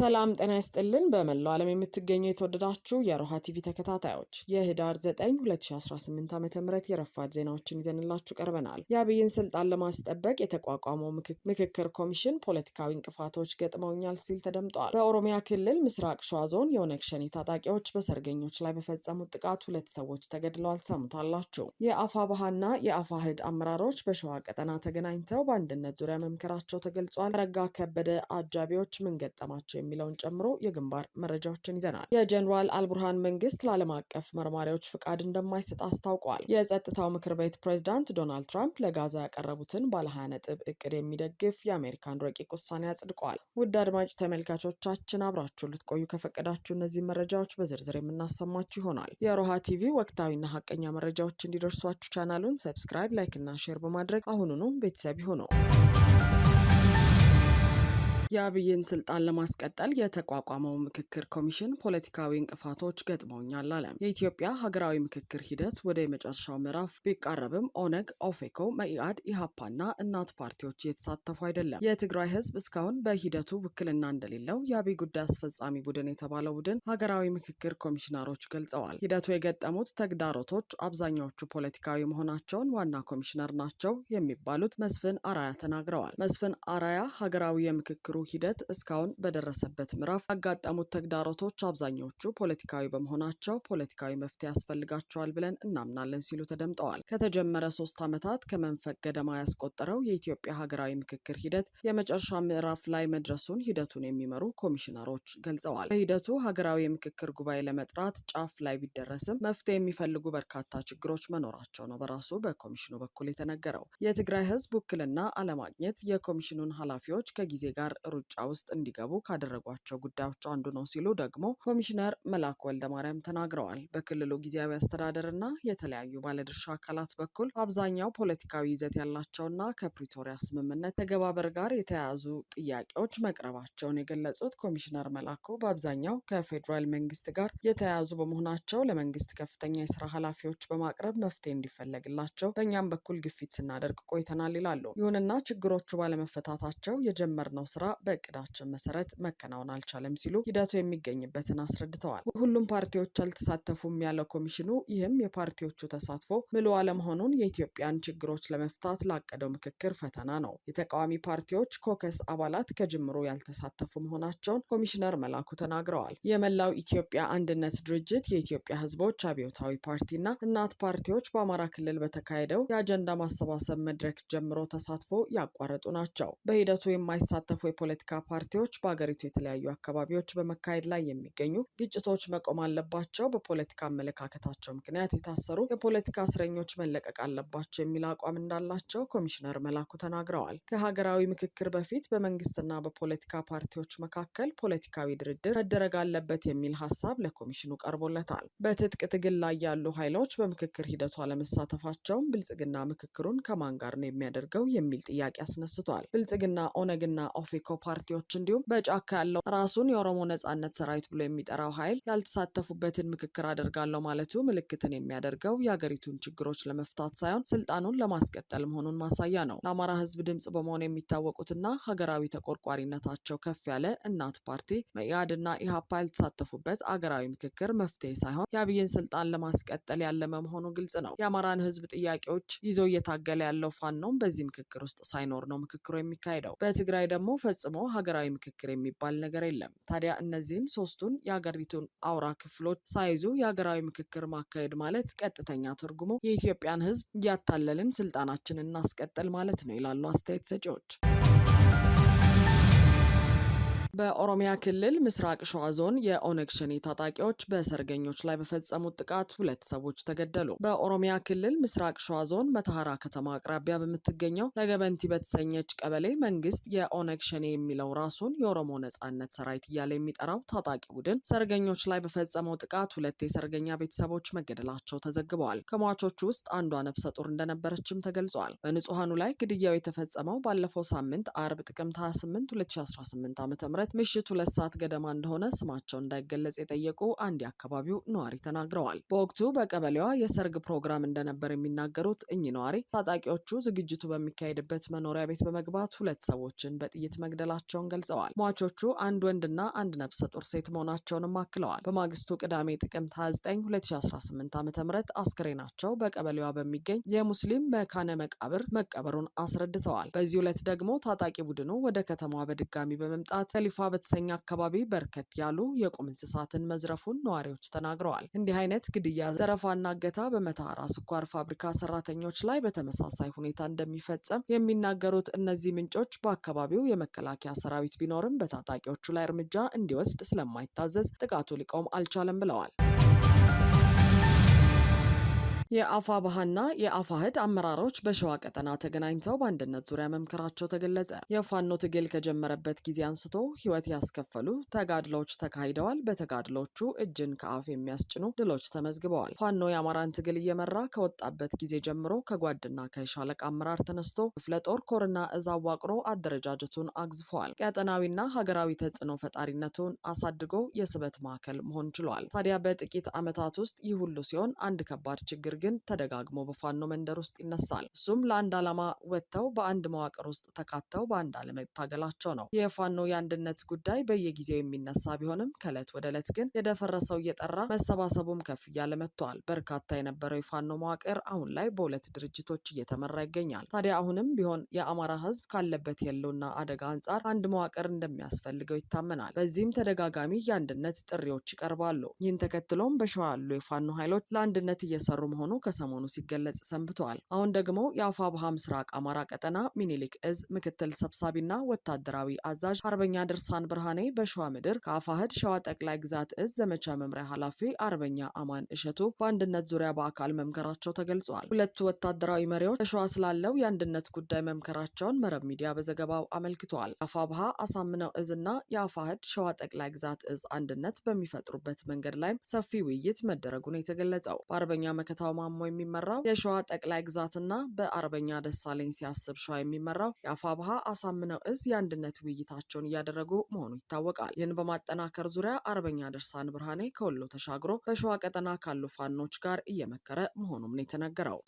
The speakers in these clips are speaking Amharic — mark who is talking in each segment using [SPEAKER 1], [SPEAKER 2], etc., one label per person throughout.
[SPEAKER 1] ሰላም ጤና ይስጥልን። በመላው ዓለም የምትገኙ የተወደዳችሁ የሮሃ ቲቪ ተከታታዮች የህዳር 9 2018 ዓ ም የረፋድ ዜናዎችን ይዘንላችሁ ቀርበናል። የአብይን ስልጣን ለማስጠበቅ የተቋቋመው ምክክር ኮሚሽን ፖለቲካዊ እንቅፋቶች ገጥመውኛል ሲል ተደምጧል። በኦሮሚያ ክልል ምስራቅ ሸዋ ዞን የኦነግ ሸኔ ታጣቂዎች በሰርገኞች ላይ በፈጸሙት ጥቃት ሁለት ሰዎች ተገድለዋል። ሰሙታላችሁ። የአፋ ባህና የአፋ ህድ አመራሮች በሸዋ ቀጠና ተገናኝተው በአንድነት ዙሪያ መምከራቸው ተገልጿል። ረጋ ከበደ አጃቢዎች ምን ገጠማቸው? የሚለውን ጨምሮ የግንባር መረጃዎችን ይዘናል። የጀኔራል አልቡርሃን መንግስት ለዓለም አቀፍ መርማሪዎች ፍቃድ እንደማይሰጥ አስታውቋል። የጸጥታው ምክር ቤት ፕሬዚዳንት ዶናልድ ትራምፕ ለጋዛ ያቀረቡትን ባለ 20 ነጥብ እቅድ የሚደግፍ የአሜሪካን ረቂቅ ውሳኔ አጽድቋል። ውድ አድማጭ ተመልካቾቻችን አብራችሁ ልትቆዩ ከፈቀዳችሁ እነዚህ መረጃዎች በዝርዝር የምናሰማችሁ ይሆናል። የሮሃ ቲቪ ወቅታዊና ሀቀኛ መረጃዎች እንዲደርሷችሁ ቻናሉን ሰብስክራይብ፣ ላይክ እና ሼር በማድረግ አሁኑኑ ቤተሰብ ይሁኑ። የአብይን ስልጣን ለማስቀጠል የተቋቋመው ምክክር ኮሚሽን ፖለቲካዊ እንቅፋቶች ገጥመውኛል አለ። የኢትዮጵያ ሀገራዊ ምክክር ሂደት ወደ የመጨረሻው ምዕራፍ ቢቃረብም ኦነግ፣ ኦፌኮ፣ መኢአድ፣ ኢሀፓና እናት ፓርቲዎች እየተሳተፉ አይደለም። የትግራይ ህዝብ እስካሁን በሂደቱ ውክልና እንደሌለው የአብይ ጉዳይ አስፈጻሚ ቡድን የተባለው ቡድን ሀገራዊ ምክክር ኮሚሽነሮች ገልጸዋል። ሂደቱ የገጠሙት ተግዳሮቶች አብዛኛዎቹ ፖለቲካዊ መሆናቸውን ዋና ኮሚሽነር ናቸው የሚባሉት መስፍን አራያ ተናግረዋል። መስፍን አራያ ሀገራዊ የምክክሩ ሂደት እስካሁን በደረሰበት ምዕራፍ ያጋጠሙት ተግዳሮቶች አብዛኛዎቹ ፖለቲካዊ በመሆናቸው ፖለቲካዊ መፍትሄ ያስፈልጋቸዋል ብለን እናምናለን ሲሉ ተደምጠዋል። ከተጀመረ ሶስት ዓመታት ከመንፈቅ ገደማ ያስቆጠረው የኢትዮጵያ ሀገራዊ ምክክር ሂደት የመጨረሻ ምዕራፍ ላይ መድረሱን ሂደቱን የሚመሩ ኮሚሽነሮች ገልጸዋል። በሂደቱ ሀገራዊ የምክክር ጉባኤ ለመጥራት ጫፍ ላይ ቢደረስም መፍትሄ የሚፈልጉ በርካታ ችግሮች መኖራቸው ነው በራሱ በኮሚሽኑ በኩል የተነገረው። የትግራይ ህዝብ ውክልና አለማግኘት የኮሚሽኑን ኃላፊዎች ከጊዜ ጋር ሩጫ ውስጥ እንዲገቡ ካደረጓቸው ጉዳዮች አንዱ ነው ሲሉ ደግሞ ኮሚሽነር መላኩ ወልደማርያም ተናግረዋል። በክልሉ ጊዜያዊ አስተዳደር እና የተለያዩ ባለድርሻ አካላት በኩል አብዛኛው ፖለቲካዊ ይዘት ያላቸውና ከፕሪቶሪያ ስምምነት ተገባበር ጋር የተያያዙ ጥያቄዎች መቅረባቸውን የገለጹት ኮሚሽነር መላኩ በአብዛኛው ከፌዴራል መንግስት ጋር የተያያዙ በመሆናቸው ለመንግስት ከፍተኛ የስራ ኃላፊዎች በማቅረብ መፍትሄ እንዲፈለግላቸው በእኛም በኩል ግፊት ስናደርግ ቆይተናል ይላሉ። ይሁንና ችግሮቹ ባለመፈታታቸው የጀመርነው ስራ በእቅዳችን መሰረት መከናወን አልቻለም ሲሉ ሂደቱ የሚገኝበትን አስረድተዋል። ሁሉም ፓርቲዎች አልተሳተፉም ያለው ኮሚሽኑ ይህም የፓርቲዎቹ ተሳትፎ ምሉ አለመሆኑን የኢትዮጵያን ችግሮች ለመፍታት ላቀደው ምክክር ፈተና ነው። የተቃዋሚ ፓርቲዎች ኮከስ አባላት ከጅምሮ ያልተሳተፉ መሆናቸውን ኮሚሽነር መላኩ ተናግረዋል። የመላው ኢትዮጵያ አንድነት ድርጅት፣ የኢትዮጵያ ህዝቦች አብዮታዊ ፓርቲና እናት ፓርቲዎች በአማራ ክልል በተካሄደው የአጀንዳ ማሰባሰብ መድረክ ጀምሮ ተሳትፎ ያቋረጡ ናቸው። በሂደቱ የማይሳተፉ የፖለቲካ ፓርቲዎች በአገሪቱ የተለያዩ አካባቢዎች በመካሄድ ላይ የሚገኙ ግጭቶች መቆም አለባቸው፣ በፖለቲካ አመለካከታቸው ምክንያት የታሰሩ የፖለቲካ እስረኞች መለቀቅ አለባቸው የሚል አቋም እንዳላቸው ኮሚሽነር መላኩ ተናግረዋል። ከሀገራዊ ምክክር በፊት በመንግስትና በፖለቲካ ፓርቲዎች መካከል ፖለቲካዊ ድርድር መደረግ አለበት የሚል ሀሳብ ለኮሚሽኑ ቀርቦለታል። በትጥቅ ትግል ላይ ያሉ ኃይሎች በምክክር ሂደቱ አለመሳተፋቸውም ብልጽግና ምክክሩን ከማን ጋር ነው የሚያደርገው የሚል ጥያቄ አስነስቷል። ብልጽግና ኦነግና ኦፌኮ ፓርቲዎች እንዲሁም በጫካ ያለው ራሱን የኦሮሞ ነጻነት ሰራዊት ብሎ የሚጠራው ኃይል ያልተሳተፉበትን ምክክር አደርጋለሁ ማለቱ ምልክትን የሚያደርገው የአገሪቱን ችግሮች ለመፍታት ሳይሆን ስልጣኑን ለማስቀጠል መሆኑን ማሳያ ነው። ለአማራ ህዝብ ድምጽ በመሆን የሚታወቁትና ሀገራዊ ተቆርቋሪነታቸው ከፍ ያለ እናት ፓርቲ መኢአድና ኢህአፓ ያልተሳተፉበት አገራዊ ምክክር መፍትሄ ሳይሆን የአብይን ስልጣን ለማስቀጠል ያለመ መሆኑ ግልጽ ነው። የአማራን ህዝብ ጥያቄዎች ይዞ እየታገለ ያለው ፋኖም በዚህ ምክክር ውስጥ ሳይኖር ነው ምክክሩ የሚካሄደው። በትግራይ ደግሞ ፈጽሞ ፈጽሞ ሀገራዊ ምክክር የሚባል ነገር የለም። ታዲያ እነዚህን ሶስቱን የሀገሪቱን አውራ ክፍሎች ሳይዙ የሀገራዊ ምክክር ማካሄድ ማለት ቀጥተኛ ትርጉሙ የኢትዮጵያን ሕዝብ እያታለልን ስልጣናችንን እናስቀጥል ማለት ነው ይላሉ አስተያየት ሰጪዎች። በኦሮሚያ ክልል ምስራቅ ሸዋ ዞን የኦነግ ሸኔ ታጣቂዎች በሰርገኞች ላይ በፈጸሙት ጥቃት ሁለት ሰዎች ተገደሉ። በኦሮሚያ ክልል ምስራቅ ሸዋ ዞን መተሐራ ከተማ አቅራቢያ በምትገኘው ነገበንቲ በተሰኘች ቀበሌ መንግስት የኦነግ ሸኔ የሚለው ራሱን የኦሮሞ ነጻነት ሰራዊት እያለ የሚጠራው ታጣቂ ቡድን ሰርገኞች ላይ በፈጸመው ጥቃት ሁለት የሰርገኛ ቤተሰቦች መገደላቸው ተዘግበዋል። ከሟቾቹ ውስጥ አንዷ ነፍሰ ጡር እንደነበረችም ተገልጿል። በንጹሐኑ ላይ ግድያው የተፈጸመው ባለፈው ሳምንት አርብ ጥቅምት 28 2018 ዓ ም ምሽት ሁለት ሰዓት ገደማ እንደሆነ ስማቸው እንዳይገለጽ የጠየቁ አንድ የአካባቢው ነዋሪ ተናግረዋል። በወቅቱ በቀበሌዋ የሰርግ ፕሮግራም እንደነበር የሚናገሩት እኚህ ነዋሪ ታጣቂዎቹ ዝግጅቱ በሚካሄድበት መኖሪያ ቤት በመግባት ሁለት ሰዎችን በጥይት መግደላቸውን ገልጸዋል። ሟቾቹ አንድ ወንድና አንድ ነፍሰ ጡር ሴት መሆናቸውንም አክለዋል። በማግስቱ ቅዳሜ ጥቅምት 29 2018 ዓ ም አስክሬናቸው በቀበሌዋ በሚገኝ የሙስሊም መካነ መቃብር መቀበሩን አስረድተዋል። በዚህ ዕለት ደግሞ ታጣቂ ቡድኑ ወደ ከተማዋ በድጋሚ በመምጣት ሀሊፋ በተሰኘ አካባቢ በርከት ያሉ የቁም እንስሳትን መዝረፉን ነዋሪዎች ተናግረዋል። እንዲህ አይነት ግድያ፣ ዘረፋና እገታ በመታራ ስኳር ፋብሪካ ሰራተኞች ላይ በተመሳሳይ ሁኔታ እንደሚፈጸም የሚናገሩት እነዚህ ምንጮች በአካባቢው የመከላከያ ሰራዊት ቢኖርም በታጣቂዎቹ ላይ እርምጃ እንዲወስድ ስለማይታዘዝ ጥቃቱ ሊቆም አልቻለም ብለዋል። የአፋ ባህና የአፋህድ አመራሮች በሸዋ ቀጠና ተገናኝተው በአንድነት ዙሪያ መምከራቸው ተገለጸ። የፋኖ ትግል ከጀመረበት ጊዜ አንስቶ ሕይወት ያስከፈሉ ተጋድሎዎች ተካሂደዋል። በተጋድሎቹ እጅን ከአፍ የሚያስጭኑ ድሎች ተመዝግበዋል። ፋኖ የአማራን ትግል እየመራ ከወጣበት ጊዜ ጀምሮ ከጓድና ከሻለቃ አመራር ተነስቶ ክፍለ ጦር ኮርና እዝ አዋቅሮ አደረጃጀቱን አግዝፏል። ቀጠናዊና ሀገራዊ ተጽዕኖ ፈጣሪነቱን አሳድጎ የስበት ማዕከል መሆን ችሏል። ታዲያ በጥቂት ዓመታት ውስጥ ይህ ሁሉ ሲሆን አንድ ከባድ ችግር ግን ተደጋግሞ በፋኖ መንደር ውስጥ ይነሳል። እሱም ለአንድ ዓላማ ወጥተው በአንድ መዋቅር ውስጥ ተካተው በአንድ አለመታገላቸው ነው። የፋኖ የአንድነት ጉዳይ በየጊዜው የሚነሳ ቢሆንም ከእለት ወደ እለት ግን የደፈረሰው እየጠራ መሰባሰቡም ከፍ እያለ መጥቷል። በርካታ የነበረው የፋኖ መዋቅር አሁን ላይ በሁለት ድርጅቶች እየተመራ ይገኛል። ታዲያ አሁንም ቢሆን የአማራ ህዝብ ካለበት የለውና አደጋ አንጻር አንድ መዋቅር እንደሚያስፈልገው ይታመናል። በዚህም ተደጋጋሚ የአንድነት ጥሪዎች ይቀርባሉ። ይህን ተከትሎም በሸዋ ያሉ የፋኖ ኃይሎች ለአንድነት እየሰሩ መሆኑ መሆኑ ከሰሞኑ ሲገለጽ ሰንብተዋል። አሁን ደግሞ የአፋብሃ ምስራቅ አማራ ቀጠና ሚኒሊክ እዝ ምክትል ሰብሳቢና ወታደራዊ አዛዥ አርበኛ ድርሳን ብርሃኔ በሸዋ ምድር ከአፋህድ ሸዋ ጠቅላይ ግዛት እዝ ዘመቻ መምሪያ ኃላፊ አርበኛ አማን እሸቱ በአንድነት ዙሪያ በአካል መምከራቸው ተገልጿል። ሁለቱ ወታደራዊ መሪዎች በሸዋ ስላለው የአንድነት ጉዳይ መምከራቸውን መረብ ሚዲያ በዘገባው አመልክተዋል። አፋብሃ አሳምነው እዝና የአፋህድ ሸዋ ጠቅላይ ግዛት እዝ አንድነት በሚፈጥሩበት መንገድ ላይም ሰፊ ውይይት መደረጉን የተገለጸው። በአርበኛ መከታው ማሞ የሚመራው የሸዋ ጠቅላይ ግዛትና በአርበኛ ደሳለኝ ሲያስብ ሸዋ የሚመራው የአፋብሃ አሳምነው እዝ የአንድነት ውይይታቸውን እያደረጉ መሆኑ ይታወቃል። ይህን በማጠናከር ዙሪያ አርበኛ ደርሳን ብርሃኔ ከወሎ ተሻግሮ በሸዋ ቀጠና ካሉ ፋኖች ጋር እየመከረ መሆኑም ነው የተነገረው።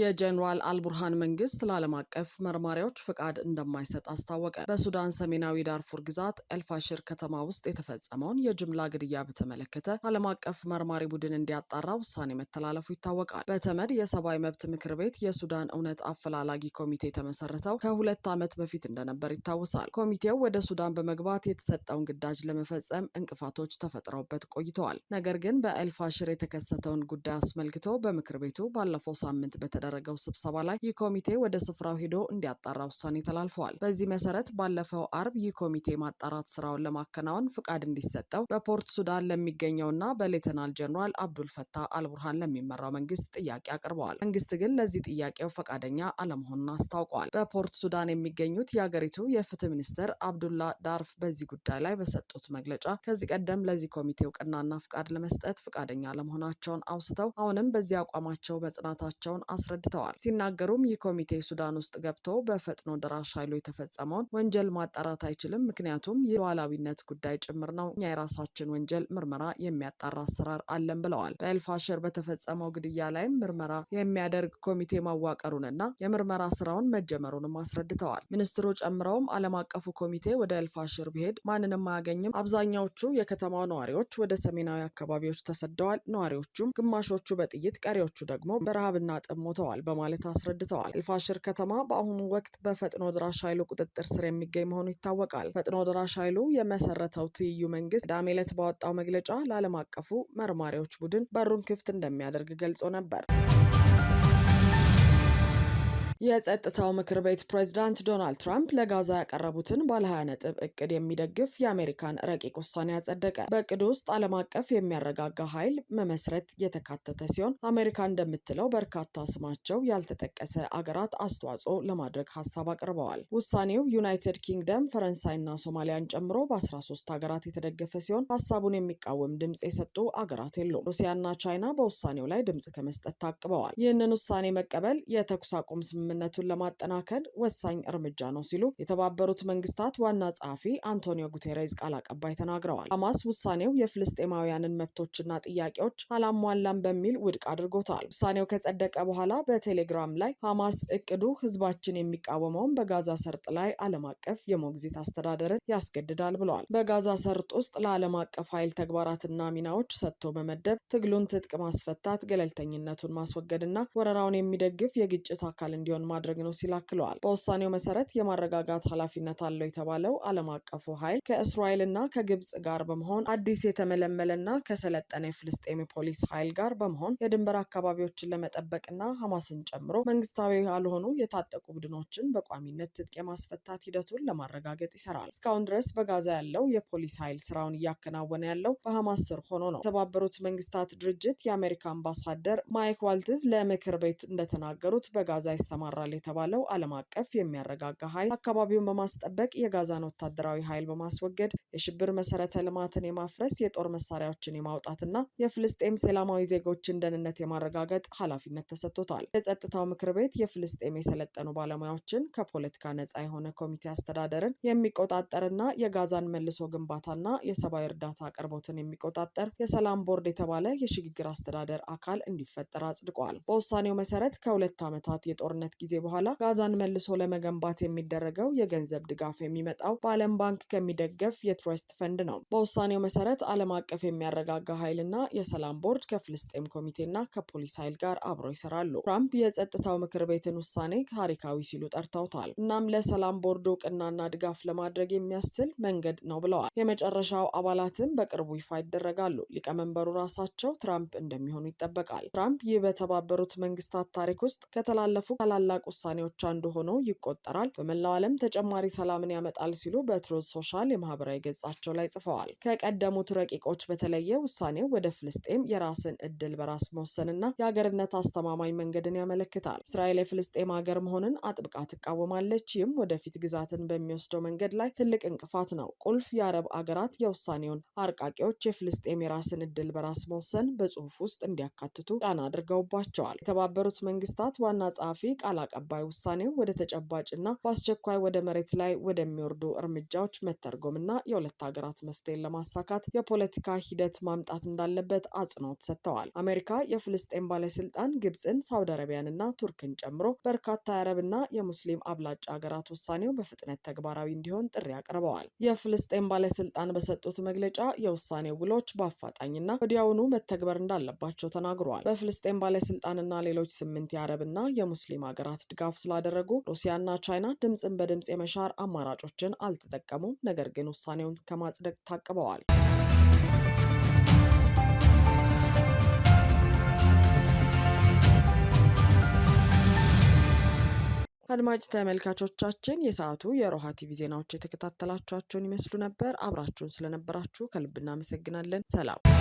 [SPEAKER 1] የጀኔራል አልቡርሃን መንግስት ለዓለም አቀፍ መርማሪዎች ፍቃድ እንደማይሰጥ አስታወቀ። በሱዳን ሰሜናዊ ዳርፉር ግዛት ኤልፋሽር ከተማ ውስጥ የተፈጸመውን የጅምላ ግድያ በተመለከተ ዓለም አቀፍ መርማሪ ቡድን እንዲያጣራ ውሳኔ መተላለፉ ይታወቃል። በተመድ የሰብአዊ መብት ምክር ቤት የሱዳን እውነት አፈላላጊ ኮሚቴ የተመሰረተው ከሁለት ዓመት በፊት እንደነበር ይታወሳል። ኮሚቴው ወደ ሱዳን በመግባት የተሰጠውን ግዳጅ ለመፈጸም እንቅፋቶች ተፈጥረውበት ቆይተዋል። ነገር ግን በኤልፋሽር የተከሰተውን ጉዳይ አስመልክቶ በምክር ቤቱ ባለፈው ሳምንት በተ በተደረገው ስብሰባ ላይ ይህ ኮሚቴ ወደ ስፍራው ሄዶ እንዲያጣራ ውሳኔ ተላልፈዋል። በዚህ መሰረት ባለፈው አርብ ይህ ኮሚቴ ማጣራት ስራውን ለማከናወን ፍቃድ እንዲሰጠው በፖርት ሱዳን ለሚገኘውና በሌተናል ጀኔራል አብዱልፈታህ አልቡርሃን ለሚመራው መንግስት ጥያቄ አቅርበዋል። መንግስት ግን ለዚህ ጥያቄው ፈቃደኛ አለመሆኑን አስታውቋል። በፖርት ሱዳን የሚገኙት የአገሪቱ የፍትህ ሚኒስትር አብዱላ ዳርፍ በዚህ ጉዳይ ላይ በሰጡት መግለጫ ከዚህ ቀደም ለዚህ ኮሚቴ እውቅናና ፍቃድ ለመስጠት ፍቃደኛ አለመሆናቸውን አውስተው አሁንም በዚህ አቋማቸው መጽናታቸውን አስረ አስረድተዋል። ሲናገሩም ይህ ኮሚቴ ሱዳን ውስጥ ገብቶ በፈጥኖ ደራሽ ኃይሉ የተፈጸመውን ወንጀል ማጣራት አይችልም፣ ምክንያቱም የዋላዊነት ጉዳይ ጭምር ነው። እኛ የራሳችን ወንጀል ምርመራ የሚያጣራ አሰራር አለን ብለዋል። በኤልፋሽር በተፈጸመው ግድያ ላይም ምርመራ የሚያደርግ ኮሚቴ ማዋቀሩንና የምርመራ ስራውን መጀመሩንም አስረድተዋል። ሚኒስትሩ ጨምረውም ዓለም አቀፉ ኮሚቴ ወደ ኤልፋሽር ቢሄድ ማንንም አያገኝም። አብዛኛዎቹ የከተማው ነዋሪዎች ወደ ሰሜናዊ አካባቢዎች ተሰደዋል። ነዋሪዎቹም ግማሾቹ በጥይት ቀሪዎቹ ደግሞ በረሃብና ጥም ሞተዋል። ተሰማርተዋል በማለት አስረድተዋል። ኤልፋሽር ከተማ በአሁኑ ወቅት በፈጥኖ ድራሽ ኃይሉ ቁጥጥር ስር የሚገኝ መሆኑ ይታወቃል። ፈጥኖ ድራሽ ኃይሉ የመሰረተው ትይዩ መንግስት ቅዳሜ ዕለት ባወጣው መግለጫ ለዓለም አቀፉ መርማሪዎች ቡድን በሩን ክፍት እንደሚያደርግ ገልጾ ነበር። የጸጥታው ምክር ቤት ፕሬዝዳንት ዶናልድ ትራምፕ ለጋዛ ያቀረቡትን ባለ 20 ነጥብ እቅድ የሚደግፍ የአሜሪካን ረቂቅ ውሳኔ ያጸደቀ። በእቅድ ውስጥ ዓለም አቀፍ የሚያረጋጋ ኃይል መመስረት የተካተተ ሲሆን አሜሪካ እንደምትለው በርካታ ስማቸው ያልተጠቀሰ አገራት አስተዋጽኦ ለማድረግ ሀሳብ አቅርበዋል። ውሳኔው ዩናይትድ ኪንግደም፣ ፈረንሳይና ሶማሊያን ጨምሮ በ13 ሀገራት የተደገፈ ሲሆን ሀሳቡን የሚቃወም ድምፅ የሰጡ አገራት የሉም። ሩሲያና ቻይና በውሳኔው ላይ ድምፅ ከመስጠት ታቅበዋል። ይህንን ውሳኔ መቀበል የተኩስ አቁም ስምምነ ስምምነቱን ለማጠናከር ወሳኝ እርምጃ ነው ሲሉ የተባበሩት መንግስታት ዋና ጸሐፊ አንቶኒዮ ጉቴሬዝ ቃል አቀባይ ተናግረዋል። ሐማስ ውሳኔው የፍልስጤማውያንን መብቶችና ጥያቄዎች አላሟላም በሚል ውድቅ አድርጎታል። ውሳኔው ከጸደቀ በኋላ በቴሌግራም ላይ ሐማስ እቅዱ ህዝባችን የሚቃወመውን በጋዛ ሰርጥ ላይ ዓለም አቀፍ የሞግዚት አስተዳደርን ያስገድዳል ብለዋል። በጋዛ ሰርጥ ውስጥ ለዓለም አቀፍ ኃይል ተግባራትና ሚናዎች ሰጥቶ በመደብ ትግሉን ትጥቅ ማስፈታት፣ ገለልተኝነቱን ማስወገድና ወረራውን የሚደግፍ የግጭት አካል እንዲሆን እንዲሆን ማድረግ ነው ሲል አክለዋል። በውሳኔው መሰረት የማረጋጋት ኃላፊነት አለው የተባለው ዓለም አቀፉ ኃይል ከእስራኤልና ከግብጽ ጋር በመሆን አዲስ የተመለመለና ከሰለጠነ የፍልስጤም ፖሊስ ኃይል ጋር በመሆን የድንበር አካባቢዎችን ለመጠበቅና ሐማስን ጨምሮ መንግስታዊ ያልሆኑ የታጠቁ ቡድኖችን በቋሚነት ትጥቅ የማስፈታት ሂደቱን ለማረጋገጥ ይሰራል። እስካሁን ድረስ በጋዛ ያለው የፖሊስ ኃይል ስራውን እያከናወነ ያለው በሐማስ ስር ሆኖ ነው። የተባበሩት መንግስታት ድርጅት የአሜሪካ አምባሳደር ማይክ ዋልትዝ ለምክር ቤት እንደተናገሩት በጋዛ ይሰማል ያሰማራል የተባለው ዓለም አቀፍ የሚያረጋጋ ኃይል አካባቢውን በማስጠበቅ የጋዛን ወታደራዊ ኃይል በማስወገድ የሽብር መሰረተ ልማትን የማፍረስ የጦር መሳሪያዎችን የማውጣትና የፍልስጤም ሰላማዊ ዜጎችን ደህንነት የማረጋገጥ ኃላፊነት ተሰጥቶታል። የጸጥታው ምክር ቤት የፍልስጤም የሰለጠኑ ባለሙያዎችን ከፖለቲካ ነጻ የሆነ ኮሚቴ አስተዳደርን የሚቆጣጠርና የጋዛን መልሶ ግንባታና የሰብአዊ እርዳታ አቅርቦትን የሚቆጣጠር የሰላም ቦርድ የተባለ የሽግግር አስተዳደር አካል እንዲፈጠር አጽድቋል። በውሳኔው መሰረት ከሁለት ዓመታት የጦርነት ከዓመታት ጊዜ በኋላ ጋዛን መልሶ ለመገንባት የሚደረገው የገንዘብ ድጋፍ የሚመጣው በዓለም ባንክ ከሚደገፍ የትረስት ፈንድ ነው። በውሳኔው መሰረት ዓለም አቀፍ የሚያረጋጋ ኃይልና የሰላም ቦርድ ከፍልስጤም ኮሚቴና ከፖሊስ ኃይል ጋር አብሮ ይሰራሉ። ትራምፕ የጸጥታው ምክር ቤትን ውሳኔ ታሪካዊ ሲሉ ጠርተውታል። እናም ለሰላም ቦርድ እውቅናና ድጋፍ ለማድረግ የሚያስችል መንገድ ነው ብለዋል። የመጨረሻው አባላትም በቅርቡ ይፋ ይደረጋሉ። ሊቀመንበሩ ራሳቸው ትራምፕ እንደሚሆኑ ይጠበቃል። ትራምፕ ይህ በተባበሩት መንግስታት ታሪክ ውስጥ ከተላለፉ ታላላቅ ውሳኔዎች አንዱ ሆኖ ይቆጠራል፣ በመላው ዓለም ተጨማሪ ሰላምን ያመጣል ሲሉ በትሩዝ ሶሻል የማህበራዊ ገጻቸው ላይ ጽፈዋል። ከቀደሙት ረቂቆች በተለየ ውሳኔው ወደ ፍልስጤም የራስን እድል በራስ መወሰንና የአገርነት አስተማማኝ መንገድን ያመለክታል። እስራኤል የፍልስጤም ሀገር መሆንን አጥብቃ ትቃወማለች። ይህም ወደፊት ግዛትን በሚወስደው መንገድ ላይ ትልቅ እንቅፋት ነው። ቁልፍ የአረብ አገራት የውሳኔውን አርቃቂዎች የፍልስጤም የራስን እድል በራስ መወሰን በጽሁፍ ውስጥ እንዲያካትቱ ጫና አድርገውባቸዋል። የተባበሩት መንግስታት ዋና ጸሐፊ ቃል ቃል አቀባይ ውሳኔው ወደ ተጨባጭና በአስቸኳይ ወደ መሬት ላይ ወደሚወርዱ እርምጃዎች መተርጎምና የሁለት ሀገራት መፍትሄን ለማሳካት የፖለቲካ ሂደት ማምጣት እንዳለበት አጽንኦት ሰጥተዋል። አሜሪካ የፍልስጤን ባለስልጣን ግብፅን፣ ሳውዲ አረቢያንና ቱርክን ጨምሮ በርካታ የአረብና የሙስሊም አብላጭ ሀገራት ውሳኔው በፍጥነት ተግባራዊ እንዲሆን ጥሪ አቅርበዋል። የፍልስጤን ባለስልጣን በሰጡት መግለጫ የውሳኔው ውሎች በአፋጣኝና ወዲያውኑ መተግበር እንዳለባቸው ተናግረዋል። በፍልስጤን ባለስልጣንና ሌሎች ስምንት የአረብና የሙስሊም ሀገራት ሀገራት ድጋፍ ስላደረጉ ሩሲያና ቻይና ድምፅን በድምፅ የመሻር አማራጮችን አልተጠቀሙም፣ ነገር ግን ውሳኔውን ከማጽደቅ ታቅበዋል። አድማጭ ተመልካቾቻችን የሰዓቱ የሮሃ ቲቪ ዜናዎች የተከታተላችኋቸውን ይመስሉ ነበር። አብራችሁን ስለነበራችሁ ከልብ እናመሰግናለን። ሰላም